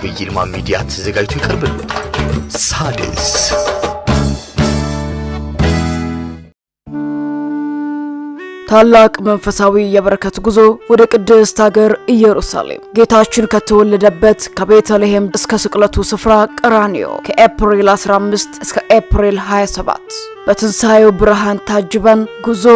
በዐቢይ ይልማ ሚዲያ ተዘጋጅቶ ይቀርብልታል። ሳድስ ታላቅ መንፈሳዊ የበረከት ጉዞ ወደ ቅድስት ሀገር ኢየሩሳሌም ጌታችን ከተወለደበት ከቤተልሔም እስከ ስቅለቱ ስፍራ ቀራንዮ ከኤፕሪል 15 እስከ ኤፕሪል 27 በትንሣኤው ብርሃን ታጅበን ጉዞ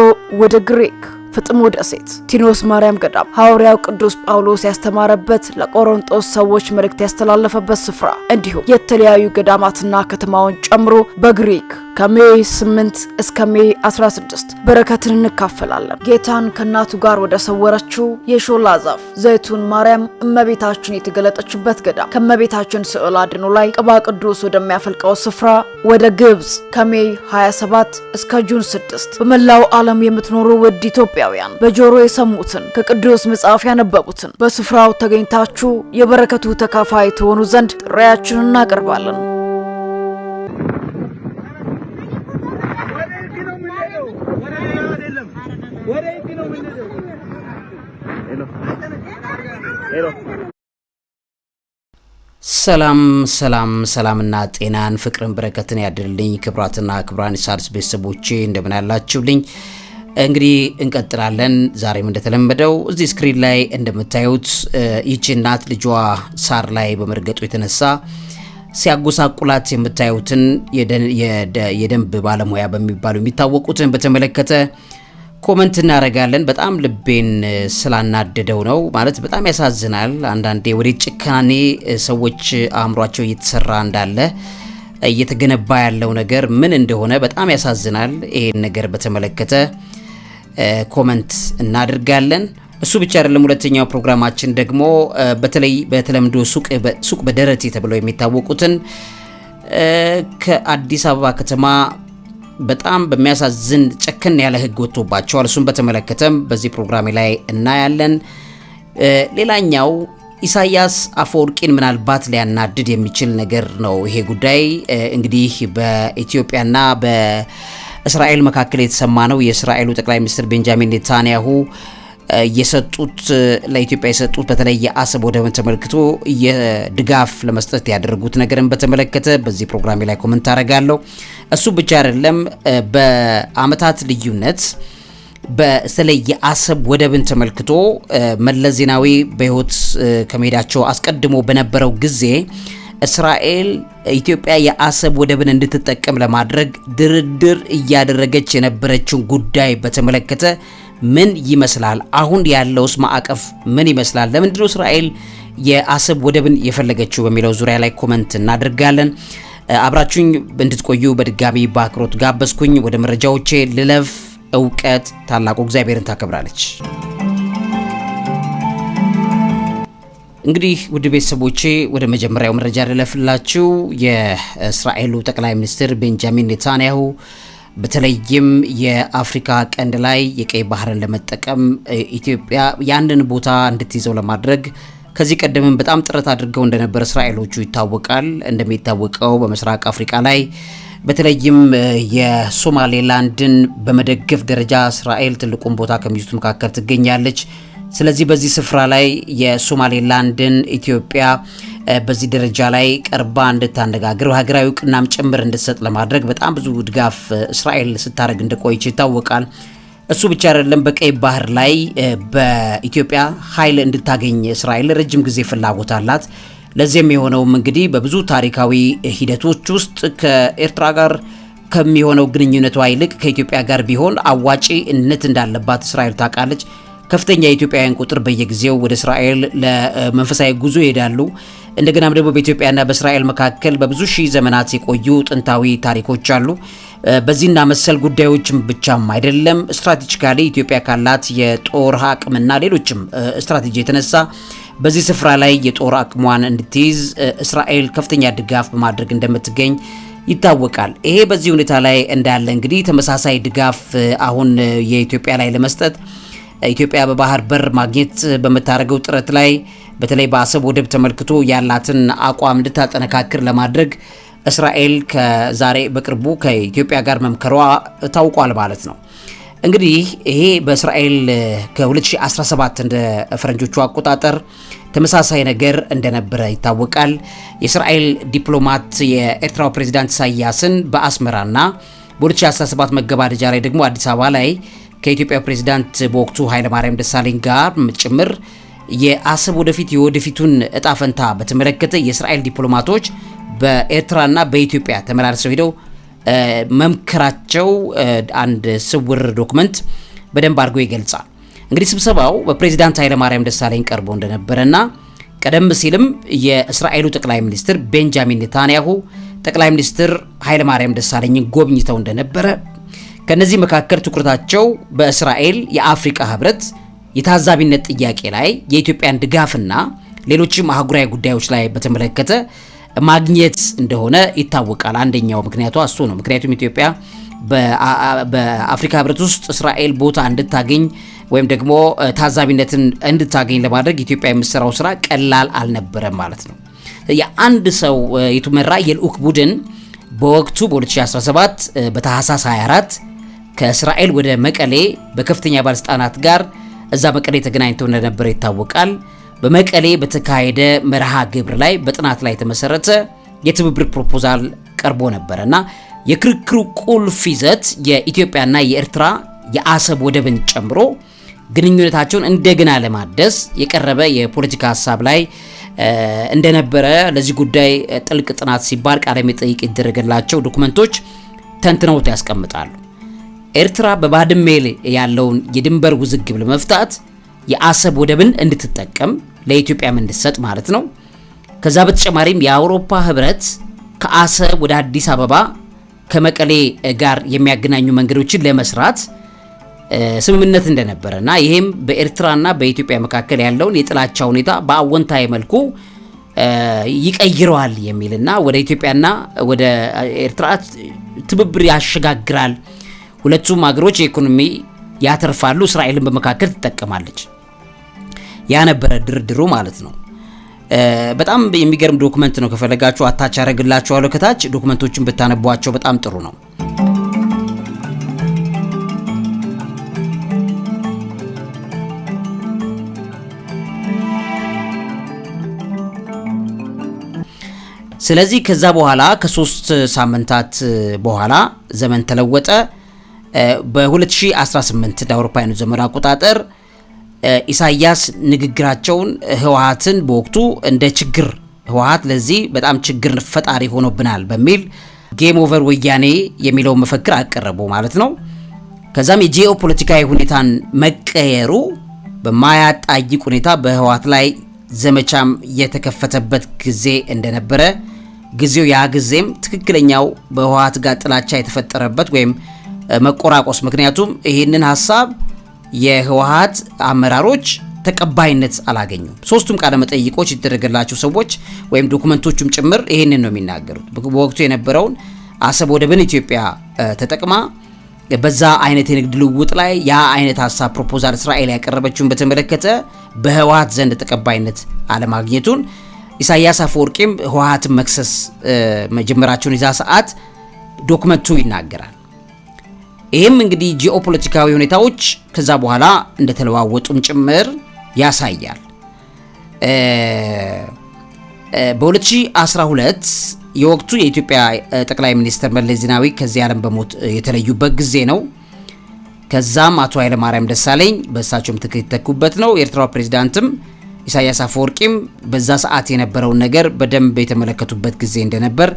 ወደ ግሪክ ፍጥሞ ደሴት ቲኖስ ማርያም ገዳም ሐዋርያው ቅዱስ ጳውሎስ ያስተማረበት ለቆሮንጦስ ሰዎች መልእክት ያስተላለፈበት ስፍራ እንዲሁም የተለያዩ ገዳማትና ከተማውን ጨምሮ በግሪክ ከሜይ 8 እስከ ሜይ 16 በረከትን እንካፈላለን። ጌታን ከእናቱ ጋር ወደ ሰወረችው የሾላ ዛፍ ዘይቱን ማርያም እመቤታችን የተገለጠችበት ገዳም ከእመቤታችን ስዕል አድኖ ላይ ቅባ ቅዱስ ወደሚያፈልቀው ስፍራ ወደ ግብፅ ከሜይ 27 እስከ ጁን 6 በመላው ዓለም የምትኖሩ ውድ ኢትዮጵያውያን በጆሮ የሰሙትን ከቅዱስ መጽሐፍ ያነበቡትን በስፍራው ተገኝታችሁ የበረከቱ ተካፋይ ትሆኑ ዘንድ ጥሪያችንን እናቀርባለን። ሰላም ሰላም ሰላምና ጤናን ፍቅርን በረከትን ያድርልኝ። ክብራትና ክብራን የሣድስ ቤተሰቦቼ እንደምን ያላችሁልኝ? እንግዲህ እንቀጥላለን። ዛሬም እንደተለመደው እዚህ ስክሪን ላይ እንደምታዩት ይቺ እናት ልጇ ሳር ላይ በመርገጡ የተነሳ ሲያጎሳቁላት የምታዩትን የደንብ ባለሙያ በሚባሉ የሚታወቁትን በተመለከተ ኮመንት እናደርጋለን። በጣም ልቤን ስላናደደው ነው ማለት በጣም ያሳዝናል። አንዳንዴ ወደ ጭካኔ ሰዎች አእምሯቸው እየተሰራ እንዳለ እየተገነባ ያለው ነገር ምን እንደሆነ በጣም ያሳዝናል። ይሄን ነገር በተመለከተ ኮመንት እናደርጋለን። እሱ ብቻ አይደለም። ሁለተኛው ፕሮግራማችን ደግሞ በተለይ በተለምዶ ሱቅ በደረቴ ተብለው የሚታወቁትን ከአዲስ አበባ ከተማ በጣም በሚያሳዝን ጨከን ያለ ህግ ወጥቶባቸዋል። እሱም በተመለከተም በዚህ ፕሮግራሜ ላይ እናያለን። ሌላኛው ኢሳያስ አፈወርቂን ምናልባት ሊያናድድ የሚችል ነገር ነው ይሄ ጉዳይ። እንግዲህ በኢትዮጵያና በእስራኤል መካከል የተሰማ ነው። የእስራኤሉ ጠቅላይ ሚኒስትር ቤንጃሚን ኔታንያሁ የሰጡት ለኢትዮጵያ የሰጡት በተለይ የአሰብ ወደብን ተመልክቶ የድጋፍ ለመስጠት ያደረጉት ነገርን በተመለከተ በዚህ ፕሮግራሜ ላይ ኮመንት አደርጋለሁ። እሱ ብቻ አይደለም፣ በአመታት ልዩነት በተለይ የአሰብ ወደብን ተመልክቶ መለስ ዜናዊ በህይወት ከመሄዳቸው አስቀድሞ በነበረው ጊዜ እስራኤል ኢትዮጵያ የአሰብ ወደብን እንድትጠቀም ለማድረግ ድርድር እያደረገች የነበረችውን ጉዳይ በተመለከተ ምን ይመስላል? አሁን ያለውስ ማዕቀፍ ምን ይመስላል? ለምንድነው እስራኤል የአሰብ ወደብን የፈለገችው በሚለው ዙሪያ ላይ ኮመንት እናደርጋለን። አብራችሁኝ እንድትቆዩ በድጋሚ በአክብሮት ጋበዝኩኝ። ወደ መረጃዎቼ ልለፍ። እውቀት ታላቁ እግዚአብሔርን ታከብራለች። እንግዲህ ውድ ቤተሰቦቼ ወደ መጀመሪያው መረጃ ልለፍላችሁ። የእስራኤሉ ጠቅላይ ሚኒስትር ቤንጃሚን ኔታንያሁ በተለይም የአፍሪካ ቀንድ ላይ የቀይ ባህርን ለመጠቀም ኢትዮጵያ ያንን ቦታ እንድትይዘው ለማድረግ ከዚህ ቀደምም በጣም ጥረት አድርገው እንደነበር እስራኤሎቹ ይታወቃል። እንደሚታወቀው በምስራቅ አፍሪካ ላይ በተለይም የሶማሌላንድን በመደገፍ ደረጃ እስራኤል ትልቁን ቦታ ከሚይዙት መካከል ትገኛለች። ስለዚህ በዚህ ስፍራ ላይ የሶማሌላንድን ኢትዮጵያ በዚህ ደረጃ ላይ ቀርባ እንድታነጋግር ሀገራዊ እውቅናም ጭምር እንድትሰጥ ለማድረግ በጣም ብዙ ድጋፍ እስራኤል ስታደርግ እንደቆየች ይታወቃል። እሱ ብቻ አይደለም። በቀይ ባህር ላይ በኢትዮጵያ ኃይል እንድታገኝ እስራኤል ረጅም ጊዜ ፍላጎት አላት። ለዚህም የሆነውም እንግዲህ በብዙ ታሪካዊ ሂደቶች ውስጥ ከኤርትራ ጋር ከሚሆነው ግንኙነቷ ይልቅ ከኢትዮጵያ ጋር ቢሆን አዋጪነት እንዳለባት እስራኤል ታውቃለች። ከፍተኛ የኢትዮጵያውያን ቁጥር በየጊዜው ወደ እስራኤል ለመንፈሳዊ ጉዞ ይሄዳሉ። እንደገናም ደግሞ በኢትዮጵያና በእስራኤል መካከል በብዙ ሺህ ዘመናት የቆዩ ጥንታዊ ታሪኮች አሉ። በዚህና መሰል ጉዳዮችም ብቻም አይደለም፣ ስትራቴጂካሊ ኢትዮጵያ ካላት የጦር አቅምና ሌሎችም ስትራቴጂ የተነሳ በዚህ ስፍራ ላይ የጦር አቅሟን እንድትይዝ እስራኤል ከፍተኛ ድጋፍ በማድረግ እንደምትገኝ ይታወቃል። ይሄ በዚህ ሁኔታ ላይ እንዳለ እንግዲህ ተመሳሳይ ድጋፍ አሁን የኢትዮጵያ ላይ ለመስጠት ኢትዮጵያ በባህር በር ማግኘት በምታደርገው ጥረት ላይ በተለይ በአሰብ ወደብ ተመልክቶ ያላትን አቋም እንድታጠነካክር ለማድረግ እስራኤል ከዛሬ በቅርቡ ከኢትዮጵያ ጋር መምከሯ ታውቋል ማለት ነው። እንግዲህ ይሄ በእስራኤል ከ2017 እንደ ፈረንጆቹ አቆጣጠር ተመሳሳይ ነገር እንደነበረ ይታወቃል። የእስራኤል ዲፕሎማት የኤርትራው ፕሬዚዳንት ኢሳያስን በአስመራና በ2017 መገባደጃ ላይ ደግሞ አዲስ አበባ ላይ ከኢትዮጵያ ፕሬዚዳንት በወቅቱ ኃይለማርያም ደሳለኝ ጋር ጭምር የአሰብ ወደፊት የወደፊቱን እጣ ፈንታ በተመለከተ የእስራኤል ዲፕሎማቶች በኤርትራና በኢትዮጵያ ተመላልሰው ሄደው መምከራቸው አንድ ስውር ዶክመንት በደንብ አድርጎ ይገልጻል። እንግዲህ ስብሰባው በፕሬዚዳንት ኃይለማርያም ደሳለኝ ቀርቦ እንደነበረና ቀደም ሲልም የእስራኤሉ ጠቅላይ ሚኒስትር ቤንጃሚን ኔታንያሁ ጠቅላይ ሚኒስትር ኃይለማርያም ደሳለኝን ጎብኝተው እንደነበረ ከነዚህ መካከል ትኩረታቸው በእስራኤል የአፍሪካ ህብረት የታዛቢነት ጥያቄ ላይ የኢትዮጵያን ድጋፍና ሌሎችም አህጉራዊ ጉዳዮች ላይ በተመለከተ ማግኘት እንደሆነ ይታወቃል። አንደኛው ምክንያቱ እሱ ነው። ምክንያቱም ኢትዮጵያ በአፍሪካ ህብረት ውስጥ እስራኤል ቦታ እንድታገኝ ወይም ደግሞ ታዛቢነትን እንድታገኝ ለማድረግ ኢትዮጵያ የምትሰራው ስራ ቀላል አልነበረም ማለት ነው። የአንድ ሰው የተመራ የልዑክ ቡድን በወቅቱ በ2017 በታህሳስ 24 ከእስራኤል ወደ መቀሌ በከፍተኛ ባለስልጣናት ጋር እዛ መቀሌ ተገናኝተው እንደነበረ ይታወቃል። በመቀሌ በተካሄደ መርሃ ግብር ላይ በጥናት ላይ የተመሰረተ የትብብር ፕሮፖዛል ቀርቦ ነበር እና የክርክሩ ቁልፍ ይዘት የኢትዮጵያና የኤርትራ የአሰብ ወደብን ጨምሮ ግንኙነታቸውን እንደገና ለማደስ የቀረበ የፖለቲካ ሀሳብ ላይ እንደነበረ ለዚህ ጉዳይ ጥልቅ ጥናት ሲባል ቃለ መጠይቅ ይደረገላቸው ዶኩመንቶች ተንትነውት ያስቀምጣሉ። ኤርትራ በባድሜ ያለውን የድንበር ውዝግብ ለመፍታት የአሰብ ወደብን እንድትጠቀም ለኢትዮጵያም እንድትሰጥ ማለት ነው። ከዛ በተጨማሪም የአውሮፓ ህብረት ከአሰብ ወደ አዲስ አበባ ከመቀሌ ጋር የሚያገናኙ መንገዶችን ለመስራት ስምምነት እንደነበረ እና ይህም በኤርትራና በኢትዮጵያ መካከል ያለውን የጥላቻ ሁኔታ በአወንታዊ መልኩ ይቀይረዋል የሚልና ወደ ኢትዮጵያና ወደ ኤርትራ ትብብር ያሸጋግራል ሁለቱም አገሮች የኢኮኖሚ ያተርፋሉ፣ እስራኤልን በመካከል ትጠቀማለች። ያ ነበረ ድርድሩ ማለት ነው። በጣም የሚገርም ዶክመንት ነው። ከፈለጋችሁ አታች ያደረግላችኋለሁ ከታች ዶክመንቶችን ብታነቧቸው በጣም ጥሩ ነው። ስለዚህ ከዛ በኋላ ከሶስት ሳምንታት በኋላ ዘመን ተለወጠ። በ2018 ለአውሮፓውያኑ ዘመን አቆጣጠር ኢሳያስ ንግግራቸውን ህወሀትን በወቅቱ እንደ ችግር ህወሀት ለዚህ በጣም ችግር ፈጣሪ ሆኖብናል በሚል ጌም ኦቨር ወያኔ የሚለውን መፈክር አቀረቡ ማለት ነው። ከዛም የጂኦ ፖለቲካዊ ሁኔታን መቀየሩ በማያጣይቅ ሁኔታ በህወሀት ላይ ዘመቻም የተከፈተበት ጊዜ እንደነበረ ጊዜው ያ ጊዜም ትክክለኛው በህወሀት ጋር ጥላቻ የተፈጠረበት ወይም መቆራቆስ። ምክንያቱም ይህንን ሀሳብ የህወሀት አመራሮች ተቀባይነት አላገኙም። ሶስቱም ቃለ መጠይቆች የተደረገላቸው ሰዎች ወይም ዶኩመንቶቹም ጭምር ይህንን ነው የሚናገሩት። በወቅቱ የነበረውን አሰብ ወደብን ኢትዮጵያ ተጠቅማ በዛ አይነት የንግድ ልውውጥ ላይ ያ አይነት ሀሳብ ፕሮፖዛል እስራኤል ያቀረበችውን በተመለከተ በህወሀት ዘንድ ተቀባይነት አለማግኘቱን ኢሳያስ አፈወርቂም ህወሀትን መክሰስ መጀመራቸውን የዛ ሰዓት ዶክመንቱ ይናገራል። ይህም እንግዲህ ጂኦፖለቲካዊ ሁኔታዎች ከዛ በኋላ እንደተለዋወጡም ጭምር ያሳያል። በ2012 የወቅቱ የኢትዮጵያ ጠቅላይ ሚኒስትር መለስ ዜናዊ ከዚህ ዓለም በሞት የተለዩበት ጊዜ ነው። ከዛም አቶ ኃይለማርያም ደሳለኝ በእሳቸውም ምትክ የተኩበት ነው። የኤርትራ ፕሬዚዳንትም ኢሳያስ አፈወርቂም በዛ ሰዓት የነበረውን ነገር በደንብ የተመለከቱበት ጊዜ እንደነበር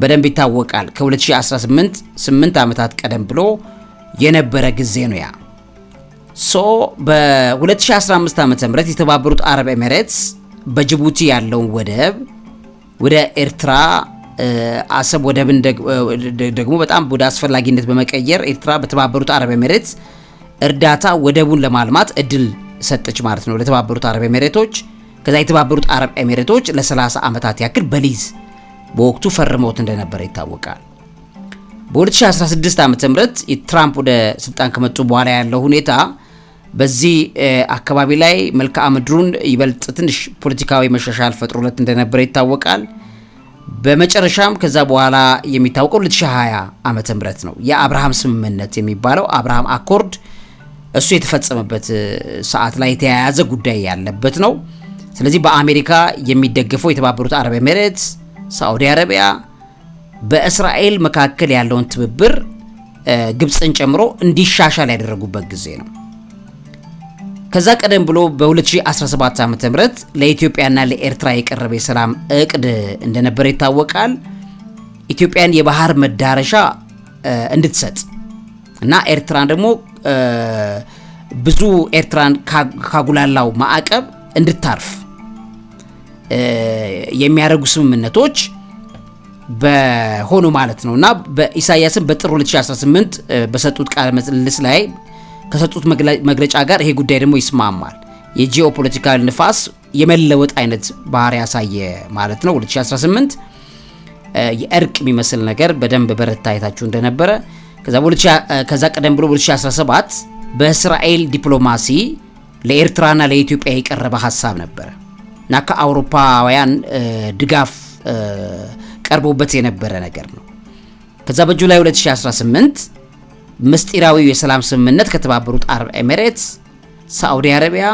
በደንብ ይታወቃል። ከ2018 8 ዓመታት ቀደም ብሎ የነበረ ጊዜ ነው ያ ሶ በ2015 ዓ ም የተባበሩት አረብ ኤሜሬትስ በጅቡቲ ያለውን ወደብ ወደ ኤርትራ አሰብ ወደብን ደግሞ በጣም ወደ አስፈላጊነት በመቀየር ኤርትራ በተባበሩት አረብ ኤሜሬትስ እርዳታ ወደቡን ለማልማት እድል ሰጠች ማለት ነው ለተባበሩት አረብ ኤሜሬቶች። ከዛ የተባበሩት አረብ ኤሜሬቶች ለ30 ዓመታት ያክል በሊዝ በወቅቱ ፈርመውት እንደነበረ ይታወቃል። በ2016 ዓ ም ትራምፕ ወደ ስልጣን ከመጡ በኋላ ያለው ሁኔታ በዚህ አካባቢ ላይ መልክዓ ምድሩን ይበልጥ ትንሽ ፖለቲካዊ መሻሻል ፈጥሮለት እንደነበረ ይታወቃል። በመጨረሻም ከዛ በኋላ የሚታወቀው 2020 ዓ ም ነው የአብርሃም ስምምነት የሚባለው አብርሃም አኮርድ እሱ የተፈጸመበት ሰዓት ላይ የተያያዘ ጉዳይ ያለበት ነው። ስለዚህ በአሜሪካ የሚደገፈው የተባበሩት አረብ ኤሜሬትስ ሳዑዲ አረቢያ በእስራኤል መካከል ያለውን ትብብር ግብፅን ጨምሮ እንዲሻሻል ያደረጉበት ጊዜ ነው። ከዛ ቀደም ብሎ በ2017 ዓ ም ለኢትዮጵያና ለኤርትራ የቀረበ የሰላም እቅድ እንደነበረ ይታወቃል። ኢትዮጵያን የባህር መዳረሻ እንድትሰጥ እና ኤርትራን ደግሞ ብዙ ኤርትራን ካጉላላው ማዕቀብ እንድታርፍ የሚያደርጉ ስምምነቶች በሆኑ ማለት ነው እና በኢሳያስን በጥር 2018 በሰጡት ቃለ ምልልስ ላይ ከሰጡት መግለጫ ጋር ይሄ ጉዳይ ደግሞ ይስማማል። የጂኦፖለቲካል ንፋስ የመለወጥ አይነት ባህሪ ያሳየ ማለት ነው። 2018 የእርቅ የሚመስል ነገር በደንብ በረታ አይታችሁ እንደነበረ ከዛ ቀደም ብሎ 2017 በእስራኤል ዲፕሎማሲ ለኤርትራና ለኢትዮጵያ የቀረበ ሀሳብ ነበረ። እና ከአውሮፓውያን ድጋፍ ቀርቦበት የነበረ ነገር ነው። ከዛ በጁላይ 2018 ምስጢራዊው የሰላም ስምምነት ከተባበሩት አረብ ኤሚሬትስ፣ ሳዑዲ አረቢያ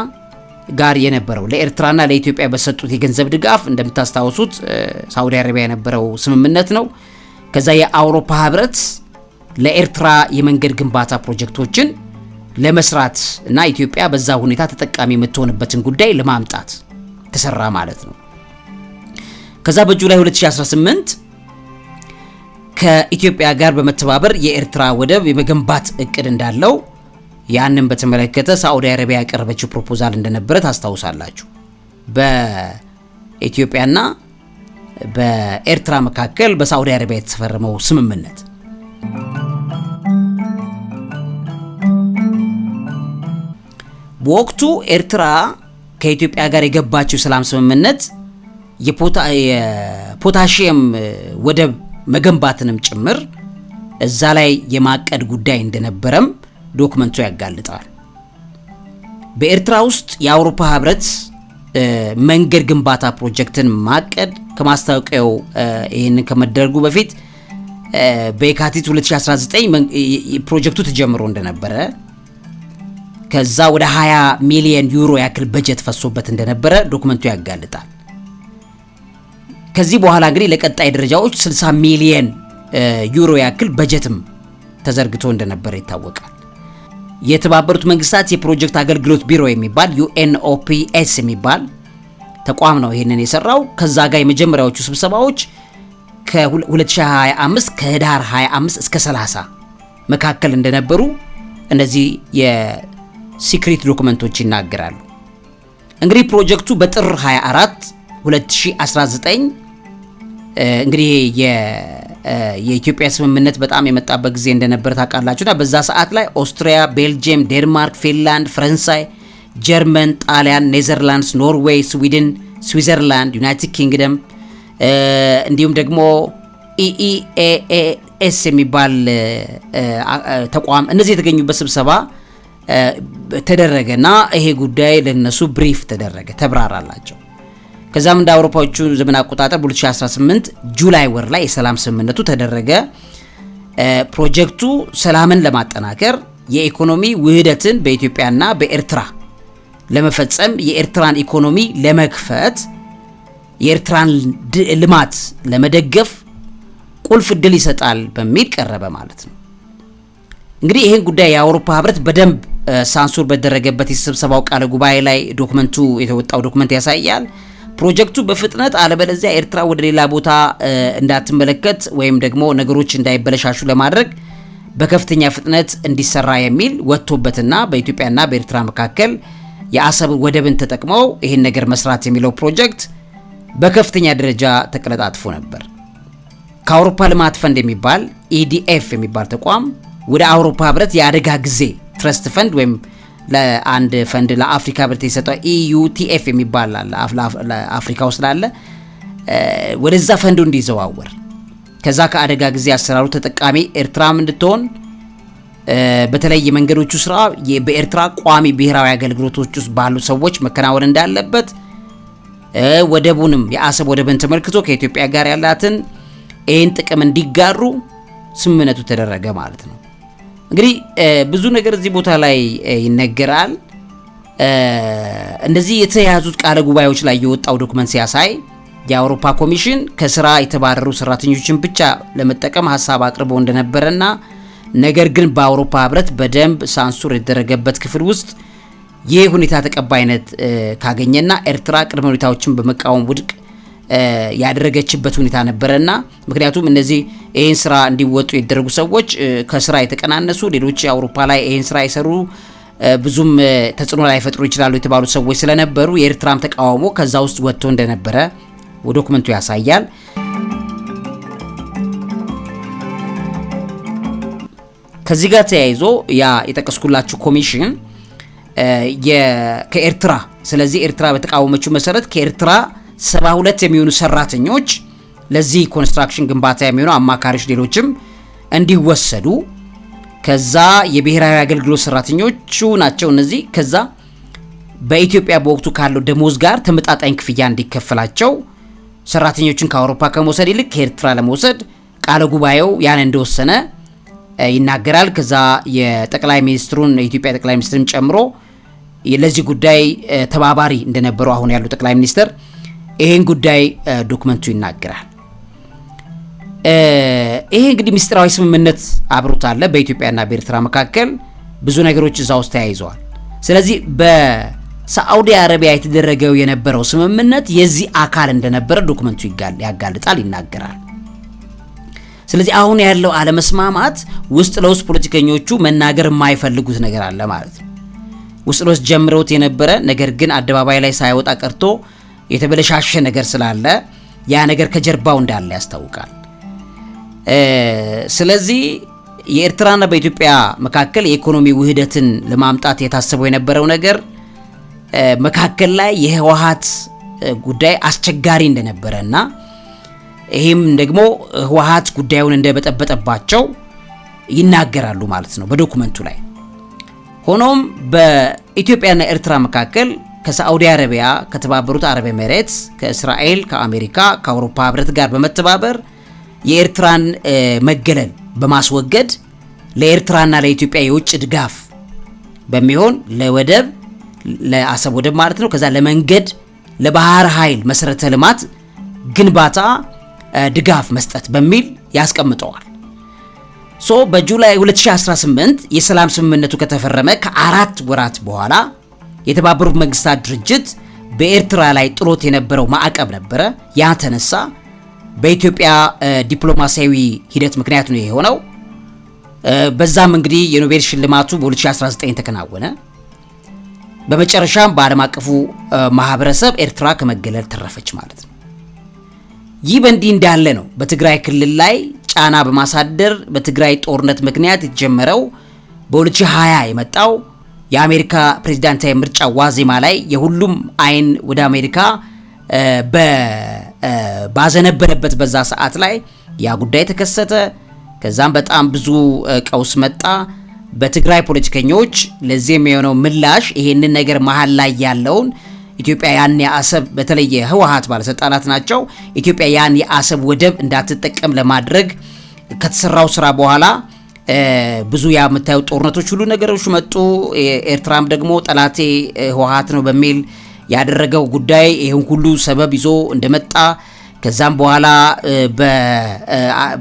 ጋር የነበረው ለኤርትራና ለኢትዮጵያ በሰጡት የገንዘብ ድጋፍ እንደምታስታውሱት ሳዑዲ አረቢያ የነበረው ስምምነት ነው። ከዛ የአውሮፓ ህብረት ለኤርትራ የመንገድ ግንባታ ፕሮጀክቶችን ለመስራት እና ኢትዮጵያ በዛ ሁኔታ ተጠቃሚ የምትሆንበትን ጉዳይ ለማምጣት ተሰራ ማለት ነው። ከዛ በጁላይ 2018 ከኢትዮጵያ ጋር በመተባበር የኤርትራ ወደብ የመገንባት እቅድ እንዳለው ያንን በተመለከተ ሳዑዲ አረቢያ ያቀረበችው ፕሮፖዛል እንደነበረ ታስታውሳላችሁ። በኢትዮጵያና በኤርትራ መካከል በሳዑዲ አረቢያ የተፈረመው ስምምነት በወቅቱ ኤርትራ ከኢትዮጵያ ጋር የገባችው ሰላም ስምምነት የፖታሽየም ወደብ መገንባትንም ጭምር እዛ ላይ የማቀድ ጉዳይ እንደነበረም ዶክመንቱ ያጋልጣል። በኤርትራ ውስጥ የአውሮፓ ህብረት መንገድ ግንባታ ፕሮጀክትን ማቀድ ከማስታወቂያው ይህንን ከመደረጉ በፊት በየካቲት 2019 ፕሮጀክቱ ተጀምሮ እንደነበረ ከዛ ወደ 20 ሚሊዮን ዩሮ ያክል በጀት ፈሶበት እንደነበረ ዶክመንቱ ያጋልጣል። ከዚህ በኋላ እንግዲህ ለቀጣይ ደረጃዎች 60 ሚሊዮን ዩሮ ያክል በጀትም ተዘርግቶ እንደነበረ ይታወቃል። የተባበሩት መንግስታት የፕሮጀክት አገልግሎት ቢሮ የሚባል ዩኤንኦፒኤስ የሚባል ተቋም ነው ይህንን የሰራው። ከዛ ጋር የመጀመሪያዎቹ ስብሰባዎች ከ2025 ከህዳር 25 እስከ 30 መካከል እንደነበሩ እነዚህ ሲክሪት ዶክመንቶች ይናገራሉ። እንግዲህ ፕሮጀክቱ በጥር 24 2019 እንግዲህ የኢትዮጵያ ስምምነት በጣም የመጣበት ጊዜ እንደነበር ታውቃላችሁና በዛ ሰዓት ላይ ኦስትሪያ፣ ቤልጅየም፣ ዴንማርክ፣ ፊንላንድ፣ ፈረንሳይ፣ ጀርመን፣ ጣሊያን፣ ኔዘርላንድስ፣ ኖርዌይ፣ ስዊድን፣ ስዊዘርላንድ፣ ዩናይትድ ኪንግደም እንዲሁም ደግሞ ኢኢኤኤኤስ የሚባል ተቋም እነዚህ የተገኙበት ስብሰባ ተደረገና ይሄ ጉዳይ ለነሱ ብሪፍ ተደረገ፣ ተብራራላቸው። ከዛም እንደ አውሮፓዎቹ ዘመን አቆጣጠር በ2018 ጁላይ ወር ላይ የሰላም ስምምነቱ ተደረገ። ፕሮጀክቱ ሰላምን ለማጠናከር የኢኮኖሚ ውህደትን በኢትዮጵያና በኤርትራ ለመፈጸም የኤርትራን ኢኮኖሚ ለመክፈት የኤርትራን ልማት ለመደገፍ ቁልፍ እድል ይሰጣል በሚል ቀረበ ማለት ነው። እንግዲህ ይህን ጉዳይ የአውሮፓ ህብረት በደንብ ሳንሱር በደረገበት የስብሰባው ቃለ ጉባኤ ላይ ዶክመንቱ የተወጣው ዶክመንት ያሳያል። ፕሮጀክቱ በፍጥነት አለበለዚያ ኤርትራ ወደ ሌላ ቦታ እንዳትመለከት ወይም ደግሞ ነገሮች እንዳይበለሻሹ ለማድረግ በከፍተኛ ፍጥነት እንዲሰራ የሚል ወጥቶበትና በኢትዮጵያና በኤርትራ መካከል የአሰብ ወደብን ተጠቅመው ይህን ነገር መስራት የሚለው ፕሮጀክት በከፍተኛ ደረጃ ተቀለጣጥፎ ነበር። ከአውሮፓ ልማት ፈንድ የሚባል ኢዲኤፍ የሚባል ተቋም ወደ አውሮፓ ህብረት የአደጋ ጊዜ ትረስት ፈንድ ወይም ለአንድ ፈንድ ለአፍሪካ ህብረት የሰጠው ኢዩቲኤፍ e የሚባል አለ አፍሪካ ውስጥ ላለ ወደዛ ፈንዱ እንዲዘዋወር ከዛ ከአደጋ ጊዜ አሰራሩ ተጠቃሚ ኤርትራም እንድትሆን በተለይ የመንገዶቹ ስራ በኤርትራ ቋሚ ብሔራዊ አገልግሎቶች ውስጥ ባሉ ሰዎች መከናወን እንዳለበት ወደቡንም የአሰብ ወደብን ተመልክቶ ከኢትዮጵያ ጋር ያላትን ይህን ጥቅም እንዲጋሩ ስምምነቱ ተደረገ ማለት ነው። እንግዲህ ብዙ ነገር እዚህ ቦታ ላይ ይነገራል። እንደዚህ የተያዙት ቃለ ጉባኤዎች ላይ የወጣው ዶክመንት ሲያሳይ የአውሮፓ ኮሚሽን ከስራ የተባረሩ ሰራተኞችን ብቻ ለመጠቀም ሀሳብ አቅርቦ እንደነበረና ነገር ግን በአውሮፓ ህብረት በደንብ ሳንሱር የተደረገበት ክፍል ውስጥ ይህ ሁኔታ ተቀባይነት ካገኘና ኤርትራ ቅድመ ሁኔታዎችን በመቃወም ውድቅ ያደረገችበት ሁኔታ ነበረና ምክንያቱም እነዚህ ይህን ስራ እንዲወጡ የተደረጉ ሰዎች ከስራ የተቀናነሱ ሌሎች አውሮፓ ላይ ይህን ስራ የሰሩ ብዙም ተጽዕኖ ላይ ይችላሉ የተባሉ ሰዎች ስለነበሩ የኤርትራም ተቃውሞ ከዛ ውስጥ ወጥቶ እንደነበረ ዶክመንቱ ያሳያል። ከዚህ ጋር ተያይዞ ያ የጠቀስኩላችሁ ኮሚሽን ከኤርትራ ስለዚህ ኤርትራ በተቃወመችው መሰረት ከኤርትራ 72 የሚሆኑ ሰራተኞች ለዚህ ኮንስትራክሽን ግንባታ የሚሆኑ አማካሪዎች፣ ሌሎችም እንዲወሰዱ ከዛ የብሔራዊ አገልግሎት ሰራተኞቹ ናቸው እነዚህ። ከዛ በኢትዮጵያ በወቅቱ ካለው ደሞዝ ጋር ተመጣጣኝ ክፍያ እንዲከፈላቸው ሰራተኞቹን ከአውሮፓ ከመውሰድ ይልቅ ከኤርትራ ለመውሰድ ቃለ ጉባኤው ያን እንደወሰነ ይናገራል። ከዛ የጠቅላይ ሚኒስትሩን የኢትዮጵያ ጠቅላይ ሚኒስትርን ጨምሮ ለዚህ ጉዳይ ተባባሪ እንደነበሩ አሁን ያሉ ጠቅላይ ሚኒስትር ይሄን ጉዳይ ዶክመንቱ ይናገራል። ይሄ እንግዲህ ምስጢራዊ ስምምነት አብሮት አለ በኢትዮጵያና በኤርትራ መካከል ብዙ ነገሮች እዛ ውስጥ ተያይዘዋል። ስለዚህ በሳዑዲ አረቢያ የተደረገው የነበረው ስምምነት የዚህ አካል እንደነበረ ዶክመንቱ ያጋልጣል፣ ይናገራል። ስለዚህ አሁን ያለው አለመስማማት ውስጥ ለውስጥ ፖለቲከኞቹ መናገር የማይፈልጉት ነገር አለ ማለት ነው። ውስጥ ለውስጥ ጀምረውት የነበረ ነገር ግን አደባባይ ላይ ሳይወጣ ቀርቶ የተበለሻሸ ነገር ስላለ ያ ነገር ከጀርባው እንዳለ ያስታውቃል። ስለዚህ የኤርትራና በኢትዮጵያ መካከል የኢኮኖሚ ውህደትን ለማምጣት የታሰበው የነበረው ነገር መካከል ላይ የህወሀት ጉዳይ አስቸጋሪ እንደነበረ እና ይህም ደግሞ ህወሀት ጉዳዩን እንደበጠበጠባቸው ይናገራሉ ማለት ነው በዶኩመንቱ ላይ። ሆኖም በኢትዮጵያና ኤርትራ መካከል ከሳዑዲ አረቢያ፣ ከተባበሩት አረብ ኤሜሬትስ፣ ከእስራኤል፣ ከአሜሪካ፣ ከአውሮፓ ህብረት ጋር በመተባበር የኤርትራን መገለል በማስወገድ ለኤርትራና ለኢትዮጵያ የውጭ ድጋፍ በሚሆን ለወደብ ለአሰብ ወደብ ማለት ነው። ከዛ ለመንገድ፣ ለባህር ኃይል መሰረተ ልማት ግንባታ ድጋፍ መስጠት በሚል ያስቀምጠዋል። ሶ በጁላይ 2018 የሰላም ስምምነቱ ከተፈረመ ከአራት ወራት በኋላ የተባበሩት መንግስታት ድርጅት በኤርትራ ላይ ጥሎት የነበረው ማዕቀብ ነበረ። ያ ተነሳ። በኢትዮጵያ ዲፕሎማሲያዊ ሂደት ምክንያት ነው የሆነው። በዛም እንግዲህ የኖቤል ሽልማቱ በ2019 ተከናወነ። በመጨረሻም በዓለም አቀፉ ማህበረሰብ ኤርትራ ከመገለል ተረፈች ማለት ነው። ይህ በእንዲህ እንዳለ ነው በትግራይ ክልል ላይ ጫና በማሳደር በትግራይ ጦርነት ምክንያት የተጀመረው በ2020 የመጣው የአሜሪካ ፕሬዚዳንታዊ ምርጫ ዋዜማ ላይ የሁሉም አይን ወደ አሜሪካ ባዘነበረበት በዛ ሰዓት ላይ ያ ጉዳይ ተከሰተ። ከዛም በጣም ብዙ ቀውስ መጣ። በትግራይ ፖለቲከኞች ለዚህ የሚሆነው ምላሽ ይሄንን ነገር መሀል ላይ ያለውን ኢትዮጵያ ያን የአሰብ በተለየ ህወሀት ባለስልጣናት ናቸው። ኢትዮጵያ ያን የአሰብ ወደብ እንዳትጠቀም ለማድረግ ከተሰራው ስራ በኋላ ብዙ ያ የምታዩ ጦርነቶች ሁሉ ነገሮች መጡ። ኤርትራም ደግሞ ጠላቴ ህወሀት ነው በሚል ያደረገው ጉዳይ ይህን ሁሉ ሰበብ ይዞ እንደመጣ ከዛም በኋላ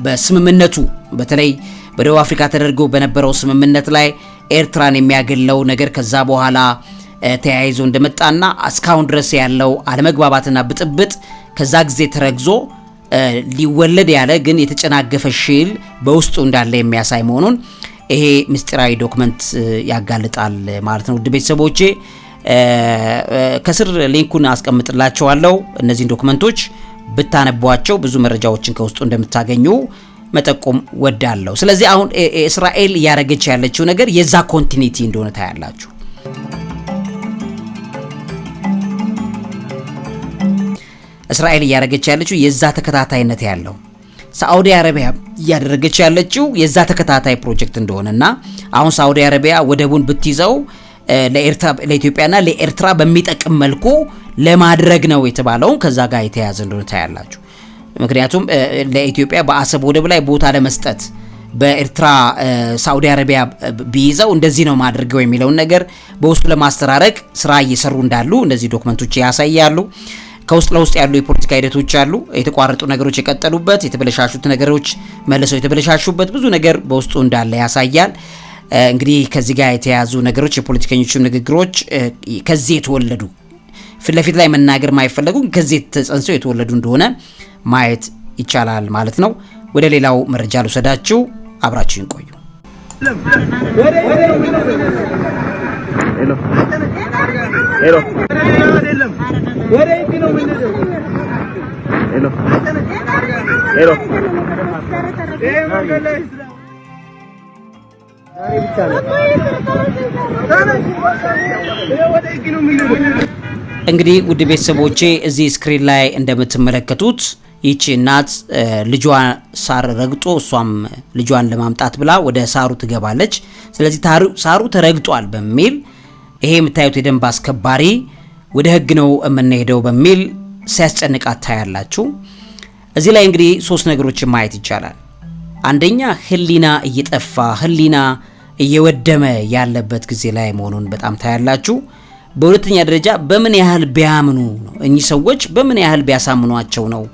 በስምምነቱ በተለይ በደቡብ አፍሪካ ተደርጎ በነበረው ስምምነት ላይ ኤርትራን የሚያገለው ነገር ከዛ በኋላ ተያይዞ እንደመጣና እስካሁን ድረስ ያለው አለመግባባትና ብጥብጥ ከዛ ጊዜ ተረግዞ ሊወለድ ያለ ግን የተጨናገፈ ሽል በውስጡ እንዳለ የሚያሳይ መሆኑን ይሄ ምስጢራዊ ዶክመንት ያጋልጣል ማለት ነው። ውድ ቤተሰቦቼ ከስር ሊንኩን አስቀምጥላቸዋለሁ። እነዚህን ዶክመንቶች ብታነቧቸው ብዙ መረጃዎችን ከውስጡ እንደምታገኙ መጠቆም ወዳለሁ። ስለዚህ አሁን እስራኤል እያደረገች ያለችው ነገር የዛ ኮንቲኒቲ እንደሆነ ታያላችሁ። እስራኤል እያደረገች ያለችው የዛ ተከታታይነት ያለው ሳዑዲ አረቢያ እያደረገች ያለችው የዛ ተከታታይ ፕሮጀክት እንደሆነና አሁን ሳዑዲ አረቢያ ወደቡን ብትይዘው ለኢትዮጵያና ለኤርትራ በሚጠቅም መልኩ ለማድረግ ነው የተባለውን ከዛ ጋር የተያያዘ እንደሆነ ታያላችሁ። ምክንያቱም ለኢትዮጵያ በአሰብ ወደብ ላይ ቦታ ለመስጠት በኤርትራ ሳዑዲ አረቢያ ቢይዘው እንደዚህ ነው ማድርገው የሚለውን ነገር በውስጡ ለማስተራረቅ ስራ እየሰሩ እንዳሉ እነዚህ ዶክመንቶች ያሳያሉ። ከውስጥ ለውስጥ ያሉ የፖለቲካ ሂደቶች አሉ። የተቋረጡ ነገሮች የቀጠሉበት፣ የተበለሻሹት ነገሮች መልሰው የተበለሻሹበት ብዙ ነገር በውስጡ እንዳለ ያሳያል። እንግዲህ ከዚህ ጋር የተያዙ ነገሮች የፖለቲከኞቹም ንግግሮች ከዚህ የተወለዱ ፊት ለፊት ላይ መናገር ማይፈለጉ ከዚህ ተጸንሰው የተወለዱ እንደሆነ ማየት ይቻላል ማለት ነው። ወደ ሌላው መረጃ ልውሰዳችሁ፣ አብራችሁን ቆዩ። ሄሎ ሄሎ ሄሎ እንግዲህ ውድ ቤተሰቦቼ እዚህ ስክሪን ላይ እንደምትመለከቱት ይቺ እናት ልጇ ሳር ረግጦ እሷም ልጇን ለማምጣት ብላ ወደ ሳሩ ትገባለች። ስለዚህ ሳሩ ተረግጧል በሚል ይሄ የምታዩት የደንብ አስከባሪ ወደ ህግ ነው የምንሄደው በሚል ሲያስጨንቃት ታያላችሁ። እዚህ ላይ እንግዲህ ሶስት ነገሮችን ማየት ይቻላል። አንደኛ ህሊና እየጠፋ ህሊና እየወደመ ያለበት ጊዜ ላይ መሆኑን በጣም ታያላችሁ። በሁለተኛ ደረጃ በምን ያህል ቢያምኑ ነው እኚህ ሰዎች በምን ያህል ቢያሳምኗቸው ነው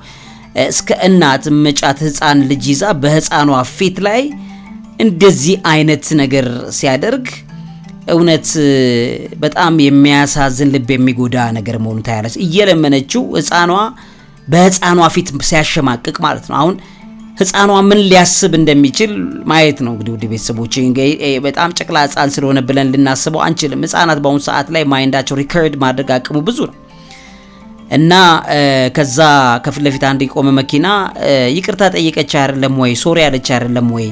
እስከ እናት መጫት ህፃን ልጅ ይዛ በህፃኗ ፊት ላይ እንደዚህ አይነት ነገር ሲያደርግ እውነት በጣም የሚያሳዝን ልብ የሚጎዳ ነገር መሆኑ ታያለች። እየለመነችው ህፃኗ በህፃኗ ፊት ሲያሸማቅቅ ማለት ነው። አሁን ህፃኗ ምን ሊያስብ እንደሚችል ማየት ነው። እንግዲህ ውድ ቤተሰቦች በጣም ጨቅላ ህፃን ስለሆነ ብለን ልናስበው አንችልም። ህፃናት በአሁኑ ሰዓት ላይ ማይንዳቸው ሪከርድ ማድረግ አቅሙ ብዙ ነው እና ከዛ ከፊት ለፊት አንድ የቆመ መኪና ይቅርታ ጠየቀች አይደለም ወይ ሶሪ ያለች አይደለም ወይ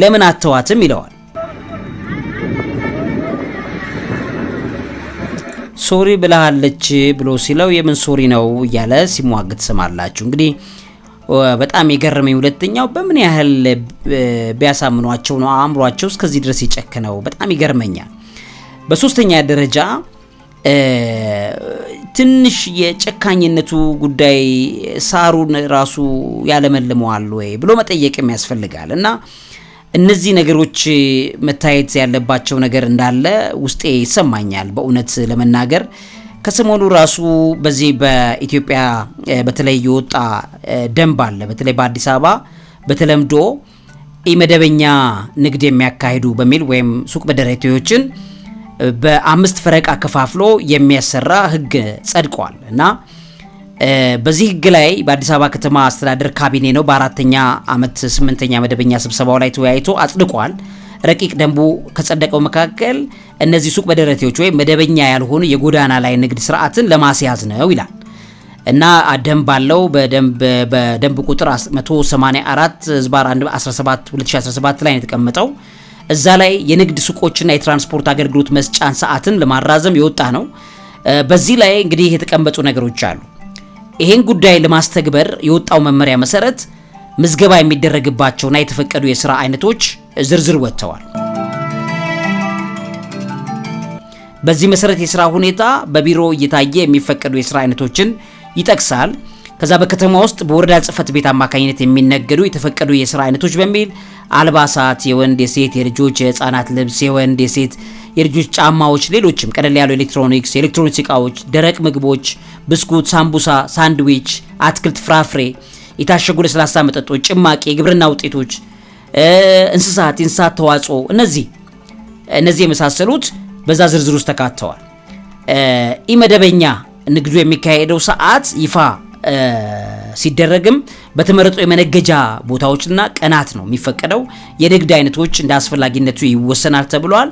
ለምን አተዋትም ይለዋል ሶሪ ብለሃለች ብሎ ሲለው የምን ሶሪ ነው እያለ ሲሟግት ስማላችሁ። እንግዲህ በጣም የገረመኝ ሁለተኛው በምን ያህል ቢያሳምኗቸው ነው አእምሯቸው እስከዚህ ድረስ የጨከነው በጣም ይገርመኛል። በሶስተኛ ደረጃ ትንሽ የጨካኝነቱ ጉዳይ ሳሩን ራሱ ያለመልመዋል ወይ ብሎ መጠየቅም ያስፈልጋል እና እነዚህ ነገሮች መታየት ያለባቸው ነገር እንዳለ ውስጤ ይሰማኛል። በእውነት ለመናገር ከሰሞኑ ራሱ በዚህ በኢትዮጵያ በተለይ የወጣ ደንብ አለ። በተለይ በአዲስ አበባ በተለምዶ ኢመደበኛ ንግድ የሚያካሂዱ በሚል ወይም ሱቅ በደረቴዎችን በአምስት ፈረቃ ከፋፍሎ የሚያሰራ ህግ ጸድቋል እና በዚህ ህግ ላይ በአዲስ አበባ ከተማ አስተዳደር ካቢኔ ነው በአራተኛ አመት ስምንተኛ መደበኛ ስብሰባው ላይ ተወያይቶ አጽድቋል። ረቂቅ ደንቡ ከጸደቀው መካከል እነዚህ ሱቅ በደረቴዎች ወይም መደበኛ ያልሆኑ የጎዳና ላይ ንግድ ስርዓትን ለማስያዝ ነው ይላል እና ደንብ አለው። በደንብ ቁጥር 184 ዝባር 17 2017 ላይ የተቀመጠው። እዛ ላይ የንግድ ሱቆችና የትራንስፖርት አገልግሎት መስጫን ሰዓትን ለማራዘም የወጣ ነው። በዚህ ላይ እንግዲህ የተቀመጡ ነገሮች አሉ። ይሄን ጉዳይ ለማስተግበር የወጣው መመሪያ መሰረት ምዝገባ የሚደረግባቸውና የተፈቀዱ የስራ አይነቶች ዝርዝር ወጥተዋል። በዚህ መሰረት የስራ ሁኔታ በቢሮ እየታየ የሚፈቀዱ የስራ አይነቶችን ይጠቅሳል። ከዛ በከተማ ውስጥ በወረዳ ጽህፈት ቤት አማካኝነት የሚነገዱ የተፈቀዱ የስራ አይነቶች በሚል አልባሳት፣ የወንድ የሴት፣ የልጆች የህፃናት ልብስ፣ የወንድ የሴት፣ የልጆች ጫማዎች፣ ሌሎችም ቀለል ያሉ ኤሌክትሮኒክስ፣ የኤሌክትሮኒክስ እቃዎች፣ ደረቅ ምግቦች፣ ብስኩት፣ ሳምቡሳ፣ ሳንድዊች፣ አትክልት፣ ፍራፍሬ፣ የታሸጉ ለስላሳ መጠጦች፣ ጭማቂ፣ የግብርና ውጤቶች፣ እንስሳት፣ የእንስሳት ተዋጽኦ እነዚህ እነዚህ የመሳሰሉት በዛ ዝርዝር ውስጥ ተካተዋል። ኢመደበኛ ንግዱ የሚካሄደው ሰዓት ይፋ ሲደረግም በተመረጡ የመነገጃ ቦታዎችና ቀናት ነው የሚፈቀደው። የንግድ አይነቶች እንደ አስፈላጊነቱ ይወሰናል ተብሏል።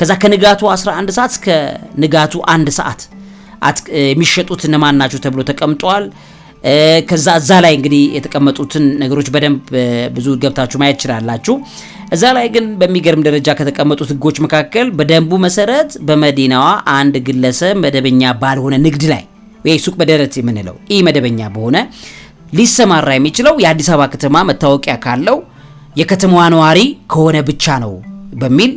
ከዛ ከንጋቱ 11 ሰዓት እስከ ንጋቱ አንድ ሰዓት የሚሸጡት እነማን ናቸው ተብሎ ተቀምጠዋል። ከዛ እዛ ላይ እንግዲህ የተቀመጡትን ነገሮች በደንብ ብዙ ገብታችሁ ማየት ይችላላችሁ። እዛ ላይ ግን በሚገርም ደረጃ ከተቀመጡት ህጎች መካከል በደንቡ መሰረት በመዲናዋ አንድ ግለሰብ መደበኛ ባልሆነ ንግድ ላይ ወይ ሱቅ በደረት የምንለው ኢ መደበኛ በሆነ ሊሰማራ የሚችለው የአዲስ አበባ ከተማ መታወቂያ ካለው የከተማዋ ነዋሪ ከሆነ ብቻ ነው በሚል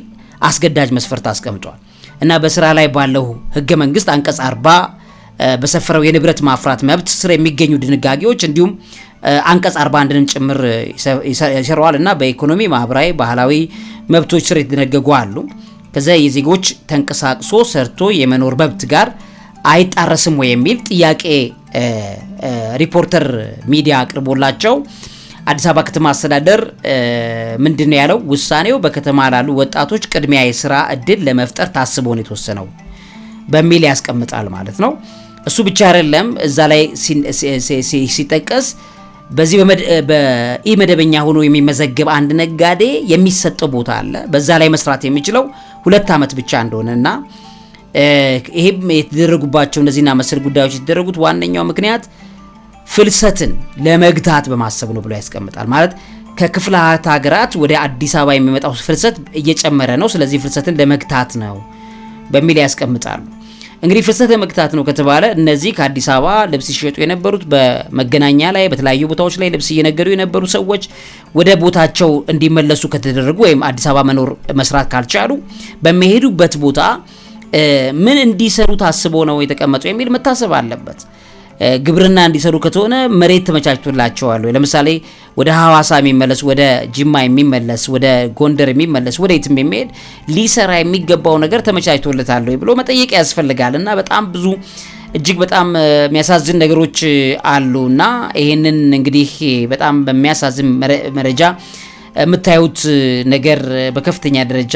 አስገዳጅ መስፈርት አስቀምጧል እና በስራ ላይ ባለው ህገ መንግስት አንቀጽ አርባ በሰፈረው የንብረት ማፍራት መብት ስር የሚገኙ ድንጋጌዎች እንዲሁም አንቀጽ 41ን ጭምር ይሰረዋል እና በኢኮኖሚ ማህበራዊ፣ ባህላዊ መብቶች ስር የተደነገጉ አሉ። ከዚያ የዜጎች ተንቀሳቅሶ ሰርቶ የመኖር መብት ጋር አይጣረስም ወይ የሚል ጥያቄ ሪፖርተር ሚዲያ አቅርቦላቸው አዲስ አበባ ከተማ አስተዳደር ምንድን ነው ያለው? ውሳኔው በከተማ ላሉ ወጣቶች ቅድሚያ የስራ እድል ለመፍጠር ታስቦ ነው የተወሰነው በሚል ያስቀምጣል ማለት ነው። እሱ ብቻ አይደለም፣ እዛ ላይ ሲጠቀስ በዚህ በኢመደበኛ ሆኖ የሚመዘገብ አንድ ነጋዴ የሚሰጠው ቦታ አለ። በዛ ላይ መስራት የሚችለው ሁለት ዓመት ብቻ እንደሆነ እና ይሄም የተደረጉባቸው እነዚህና መሰል ጉዳዮች የተደረጉት ዋነኛው ምክንያት ፍልሰትን ለመግታት በማሰብ ነው ብሎ ያስቀምጣል። ማለት ከክፍላት ሀገራት ወደ አዲስ አበባ የሚመጣው ፍልሰት እየጨመረ ነው፣ ስለዚህ ፍልሰትን ለመግታት ነው በሚል ያስቀምጣሉ። እንግዲህ ፍልሰት ለመግታት ነው ከተባለ እነዚህ ከአዲስ አበባ ልብስ ሲሸጡ የነበሩት በመገናኛ ላይ በተለያዩ ቦታዎች ላይ ልብስ እየነገሩ የነበሩ ሰዎች ወደ ቦታቸው እንዲመለሱ ከተደረጉ ወይም አዲስ አበባ መኖር መስራት ካልቻሉ በሚሄዱበት ቦታ ምን እንዲሰሩ ታስቦ ነው የተቀመጡ የሚል መታሰብ አለበት። ግብርና እንዲሰሩ ከተሆነ መሬት ተመቻችቶላቸዋል። ለምሳሌ ወደ ሐዋሳ የሚመለስ ወደ ጅማ የሚመለስ ወደ ጎንደር የሚመለስ ወደ የትም የሚሄድ ሊሰራ የሚገባው ነገር ተመቻችቶለታል ብሎ መጠየቅ ያስፈልጋል እና በጣም ብዙ እጅግ በጣም የሚያሳዝን ነገሮች አሉ እና ይህንን እንግዲህ በጣም በሚያሳዝን መረጃ የምታዩት ነገር በከፍተኛ ደረጃ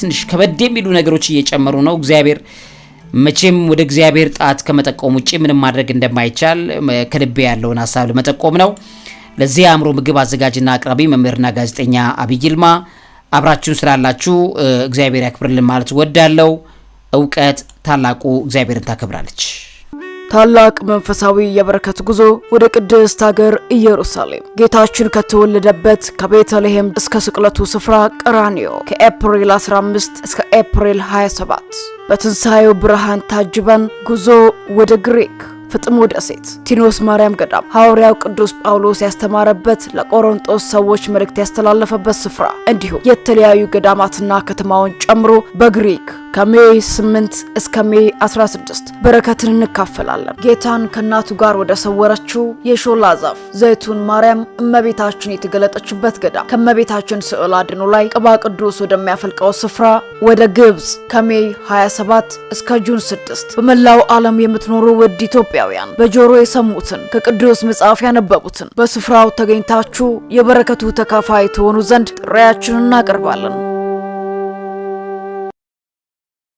ትንሽ ከበድ የሚሉ ነገሮች እየጨመሩ ነው። እግዚአብሔር መቼም ወደ እግዚአብሔር ጣት ከመጠቆም ውጭ ምንም ማድረግ እንደማይቻል ከልቤ ያለውን ሀሳብ ለመጠቆም ነው። ለዚህ የአእምሮ ምግብ አዘጋጅና አቅራቢ መምህርና ጋዜጠኛ አብይ ይልማ፣ አብራችሁን ስላላችሁ እግዚአብሔር ያክብርልን ማለት ወዳለው እውቀት ታላቁ እግዚአብሔርን ታከብራለች። ታላቅ መንፈሳዊ የበረከት ጉዞ ወደ ቅድስት ሀገር ኢየሩሳሌም ጌታችን ከተወለደበት ከቤተልሔም እስከ ስቅለቱ ስፍራ ቀራንዮ ከኤፕሪል 15 እስከ ኤፕሪል 27 በትንሣኤው ብርሃን ታጅበን ጉዞ ወደ ግሪክ ፍጥሞ ደሴት ቲኖስ ማርያም ገዳም ሐዋርያው ቅዱስ ጳውሎስ ያስተማረበት ለቆሮንጦስ ሰዎች መልእክት ያስተላለፈበት ስፍራ እንዲሁም የተለያዩ ገዳማትና ከተማውን ጨምሮ በግሪክ ከሜይ 8 እስከ ሜይ 16 በረከትን እንካፈላለን። ጌታን ከእናቱ ጋር ወደ ሰወረችው የሾላ ዛፍ ዘይቱን ማርያም እመቤታችን የተገለጠችበት ገዳም ከእመቤታችን ስዕል አድኖ ላይ ቅባ ቅዱስ ወደሚያፈልቀው ስፍራ ወደ ግብፅ ከሜይ 27 እስከ ጁን 6 በመላው ዓለም የምትኖሩ ውድ ኢትዮጵያ ኢትዮጵያውያን በጆሮ የሰሙትን ከቅዱስ መጽሐፍ ያነበቡትን በስፍራው ተገኝታችሁ የበረከቱ ተካፋይ ትሆኑ ዘንድ ጥሪያችንን እናቀርባለን።